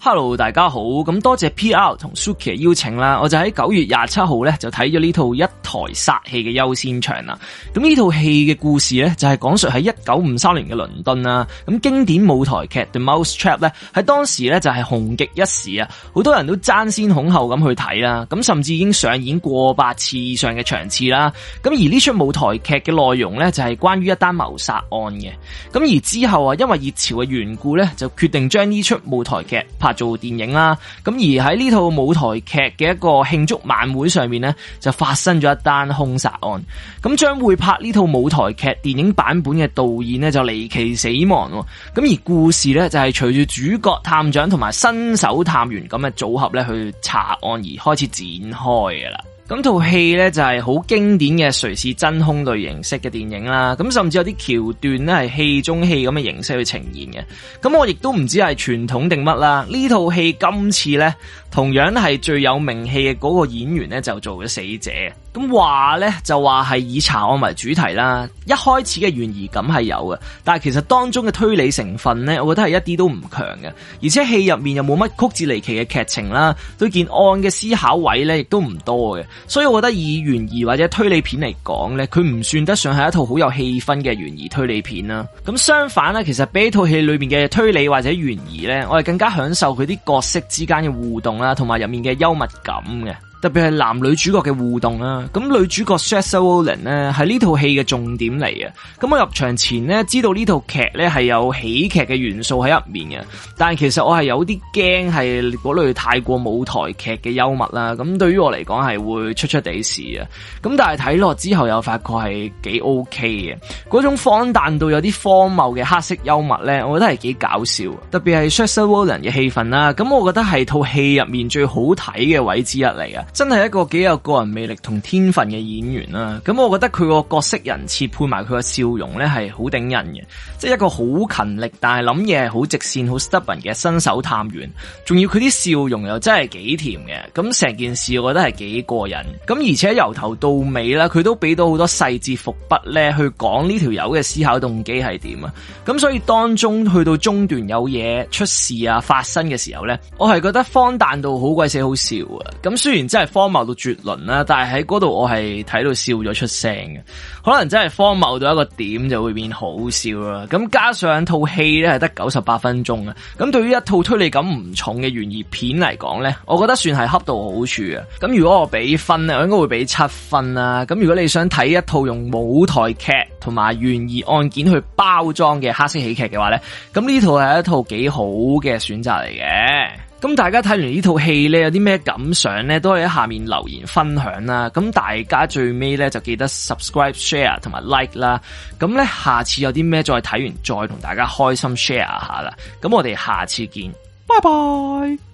hello，大家好，咁多謝 PR 同 Suki 邀請啦，我就喺九月廿七號咧就睇咗呢套一台殺戲嘅優先場啦。咁呢套戲嘅故事咧就係、是、講述喺一九五三年嘅倫敦啦。咁經典舞台劇 The Mouse Trap 咧喺當時咧就係紅極一時啊，好多人都爭先恐後咁去睇啦。咁甚至已經上演過百次以上嘅場次啦。咁而呢出舞台劇嘅內容咧就係、是、關於一單謀殺案嘅。咁而之後啊，因爲熱潮嘅緣故咧，就決定將呢出舞台劇拍做電影啦，咁而喺呢套舞台劇嘅一個慶祝晚會上面呢，就發生咗一單兇殺案。咁將會拍呢套舞台劇電影版本嘅導演呢，就離奇死亡。咁而故事呢，就係隨住主角探長同埋新手探員咁嘅組合呢，去查案而開始展開噶啦。咁套戲呢，就係好經典嘅誰是真兇類型式嘅電影啦，咁甚至有啲橋段呢係戲中戲咁嘅形式去呈現嘅。咁我亦都唔知係傳統定乜啦。呢套戲今次呢，同樣係最有名氣嘅嗰個演員呢，就做咗死者。咁話呢，就話係以查案為主題啦，一開始嘅懸疑感係有嘅，但係其實當中嘅推理成分呢，我覺得係一啲都唔強嘅，而且戲入面又冇乜曲折離奇嘅劇情啦，對件案嘅思考位呢亦都唔多嘅，所以我覺得以懸疑或者推理片嚟講呢，佢唔算得上係一套好有氣氛嘅懸疑推理片啦。咁相反呢，其實比呢套戲裏面嘅推理或者懸疑呢，我係更加享受佢啲角色之間嘅互動啦，同埋入面嘅幽默感嘅。特別係男女主角嘅互動啦，咁女主角 Saoirse Ronan 咧，係呢套戲嘅重點嚟啊！咁我入場前咧知道這劇呢套劇咧係有喜劇嘅元素喺入面嘅，但係其實我係有啲驚係嗰類太過舞台劇嘅幽默啦，咁對於我嚟講係會出出地事啊！咁但係睇落之後又發覺係幾 OK 嘅，嗰種荒誕到有啲荒謬嘅黑色幽默咧，我覺得係幾搞笑的，特別係 Saoirse Ronan 嘅戲份啦，咁我覺得係套戲入面最好睇嘅位之一嚟啊！真係一個幾有個人魅力同天份嘅演員啦，啊，咁我覺得佢個角色人設配埋佢個笑容呢，係好頂人嘅，即、就、係、是、一個好勤力但係諗嘢係好直線好 stubborn 嘅新手探員，仲要佢啲笑容又真係幾甜嘅，咁成件事我覺得係幾過癮，咁而且由頭到尾呢，佢都俾到好多細節伏筆呢，去講呢條友嘅思考動機係點啊，咁所以當中去到中段有嘢出事啊發生嘅時候呢，我係覺得荒誕到好鬼死好笑啊，咁雖然真係荒謬到絕倫啦，但係喺嗰度我係睇到笑咗出聲嘅，可能真係荒謬到一個點就會變好笑啦。咁加上一套戲咧係得九十八分鐘啊，咁對於一套推理感唔重嘅懸疑片嚟講呢，我覺得算係恰到好處啊。咁如果我俾分呢，我應該會俾七分啦。咁如果你想睇一套用舞台劇同埋懸疑案件去包裝嘅黑色喜劇嘅話呢，咁呢套係一套幾好嘅選擇嚟嘅。咁大家睇完呢套戲咧，有啲咩感想咧，都可以喺下面留言分享啦。咁大家最尾咧就記得 subscribe、share 同埋 like 啦。咁咧下次有啲咩再睇完，再同大家開心 share 下啦。咁我哋下次見，拜拜。